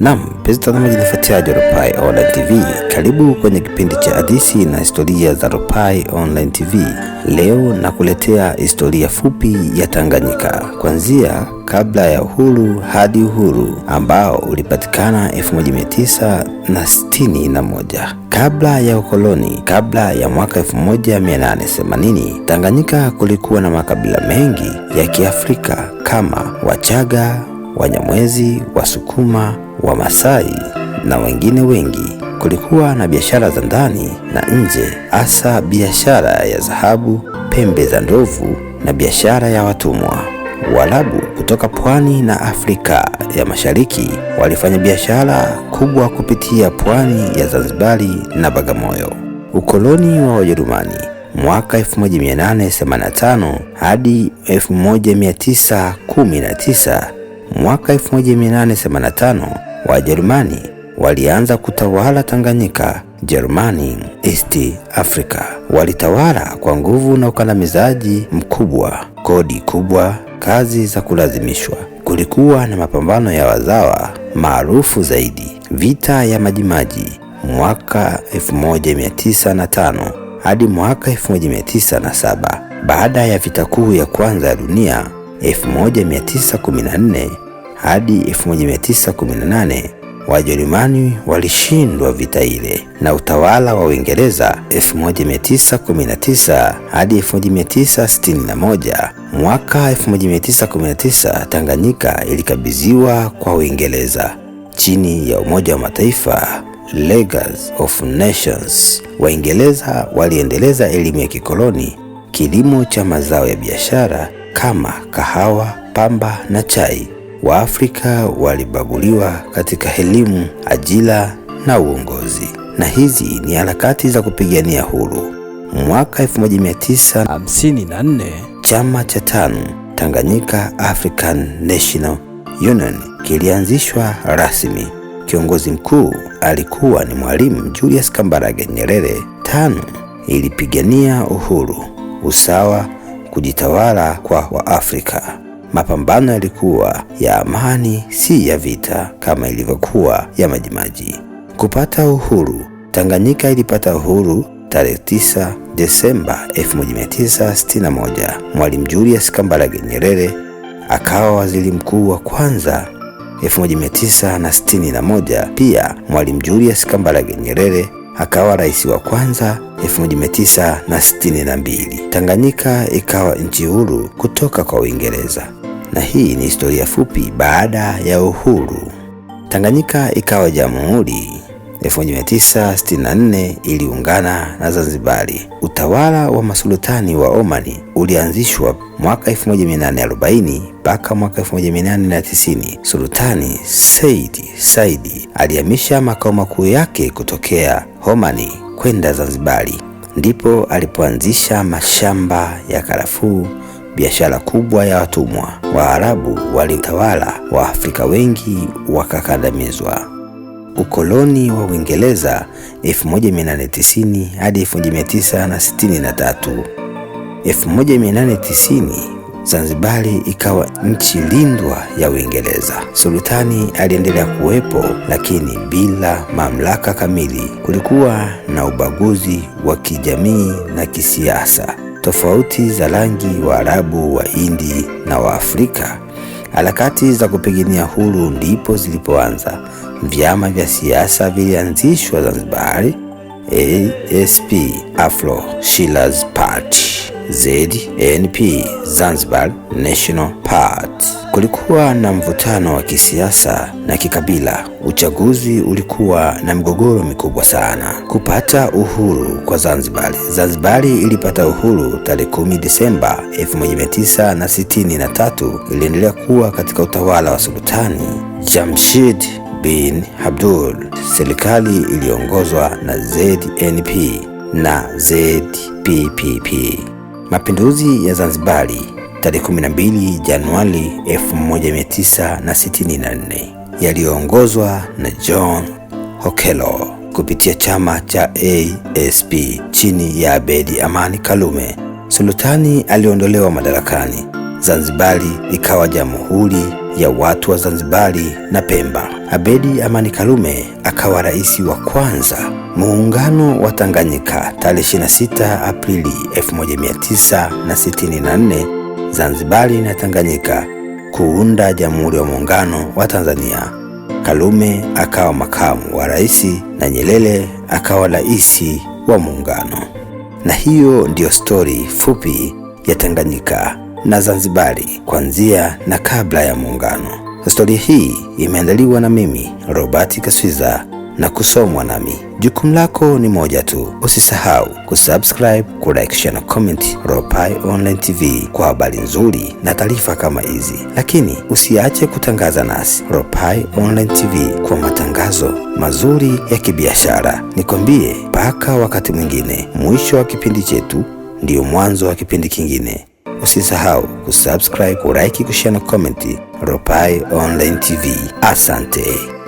Naam, mpenzi mtazamaji, nifuatiaje Ropai Online TV, karibu kwenye kipindi cha hadithi na historia za Ropai Online TV. Leo nakuletea historia fupi ya Tanganyika kuanzia kabla ya uhuru hadi uhuru ambao ulipatikana 1961 kabla ya ukoloni. Kabla ya mwaka 1880 Tanganyika kulikuwa na makabila mengi ya Kiafrika kama Wachaga, Wanyamwezi, Wasukuma Wamasai na wengine wengi. Kulikuwa na biashara za ndani na nje, hasa biashara ya dhahabu, pembe za ndovu na biashara ya watumwa. Waarabu kutoka pwani na Afrika ya Mashariki walifanya biashara kubwa kupitia pwani ya Zanzibari na Bagamoyo. Ukoloni wa Wajerumani mwaka 1885 hadi 1919. Mwaka 1885 Wajerumani walianza kutawala Tanganyika, Germany East Africa. Walitawala kwa nguvu na ukandamizaji mkubwa, kodi kubwa, kazi za kulazimishwa. Kulikuwa na mapambano ya wazawa maarufu zaidi, vita ya Majimaji mwaka 1905 hadi mwaka 1907. Baada ya vita kuu ya kwanza ya dunia 1914 hadi 1918 Wajerumani walishindwa vita ile na utawala wa Uingereza 1919 hadi 1961. Mwaka 1919 Tanganyika ilikabidhiwa kwa Uingereza chini ya Umoja wa Mataifa League of Nations. Waingereza waliendeleza elimu ya kikoloni, kilimo cha mazao ya biashara kama kahawa, pamba na chai. Waafrika walibaguliwa katika elimu, ajira na uongozi, na hizi ni harakati za kupigania huru. Mwaka 1954 chama cha TANU, Tanganyika African National Union, kilianzishwa rasmi. Kiongozi mkuu alikuwa ni Mwalimu Julius Kambarage Nyerere. TANU ilipigania uhuru, usawa, kujitawala kwa Waafrika. Mapambano yalikuwa ya amani, si ya vita kama ilivyokuwa ya Majimaji. Kupata uhuru, Tanganyika ilipata uhuru tarehe 9 Desemba 1961. Mwalimu Julius Kambarage Nyerere akawa waziri mkuu wa kwanza 1961. Pia Mwalimu Julius Kambarage Nyerere akawa rais wa kwanza 1962. Tanganyika ikawa nchi huru kutoka kwa Uingereza na hii ni historia fupi. Baada ya uhuru, Tanganyika ikawa jamhuri. 1964 iliungana na Zanzibari. Utawala wa masultani wa Omani ulianzishwa mwaka 1840 mpaka mwaka 1890. Sultani Said Saidi alihamisha makao makuu yake kutokea Omani kwenda Zanzibari, ndipo alipoanzisha mashamba ya karafuu biashara kubwa ya watumwa. Waarabu walitawala, Waafrika wengi wakakandamizwa. Ukoloni wa Uingereza 1890 hadi 1963. 1890 Zanzibari ikawa nchi lindwa ya Uingereza. Sultani aliendelea kuwepo lakini bila mamlaka kamili. Kulikuwa na ubaguzi wa kijamii na kisiasa tofauti za rangi Waarabu, Wahindi na Waafrika. Harakati za kupigania huru ndipo zilipoanza. Vyama vya siasa vilianzishwa Zanzibari: ASP Afro Shirazi Party, ZNP Zanzibar National Party. Kulikuwa na mvutano wa kisiasa na kikabila. Uchaguzi ulikuwa na migogoro mikubwa sana. Kupata uhuru kwa Zanzibari. Zanzibari ilipata uhuru tarehe 10 Disemba 1963. Iliendelea kuwa katika utawala wa Sultani Jamshid bin Abdul. Serikali iliongozwa na ZNP na ZPPP. Mapinduzi ya Zanzibari tarehe 12 Januari 1964 yaliyoongozwa na John hokelo kupitia chama cha ASP chini ya Abedi Amani Karume. Sultani aliondolewa madarakani, Zanzibari ikawa jamhuri ya watu wa Zanzibari na Pemba. Abedi Amani Karume akawa rais wa kwanza muungano wa Tanganyika tarehe 26 Aprili 1964 Zanzibari na Tanganyika kuunda Jamhuri ya Muungano wa Tanzania. Karume akawa makamu wa rais na Nyerere akawa rais wa muungano. Na hiyo ndiyo stori fupi ya Tanganyika na Zanzibari kuanzia na kabla ya muungano. Stori hii imeandaliwa na mimi Robert Kaswiza na kusomwa nami. Jukumu lako ni moja tu, usisahau kusubscribe, kulike, share na comment Ropai Online TV kwa habari nzuri na taarifa kama hizi, lakini usiache kutangaza nasi Ropai Online TV kwa matangazo mazuri ya kibiashara. Nikwambie mpaka wakati mwingine, mwisho wa kipindi chetu ndiyo mwanzo wa kipindi kingine. Usisahau kusubscribe, kulike, kushare na comment Ropai Online TV. Asante.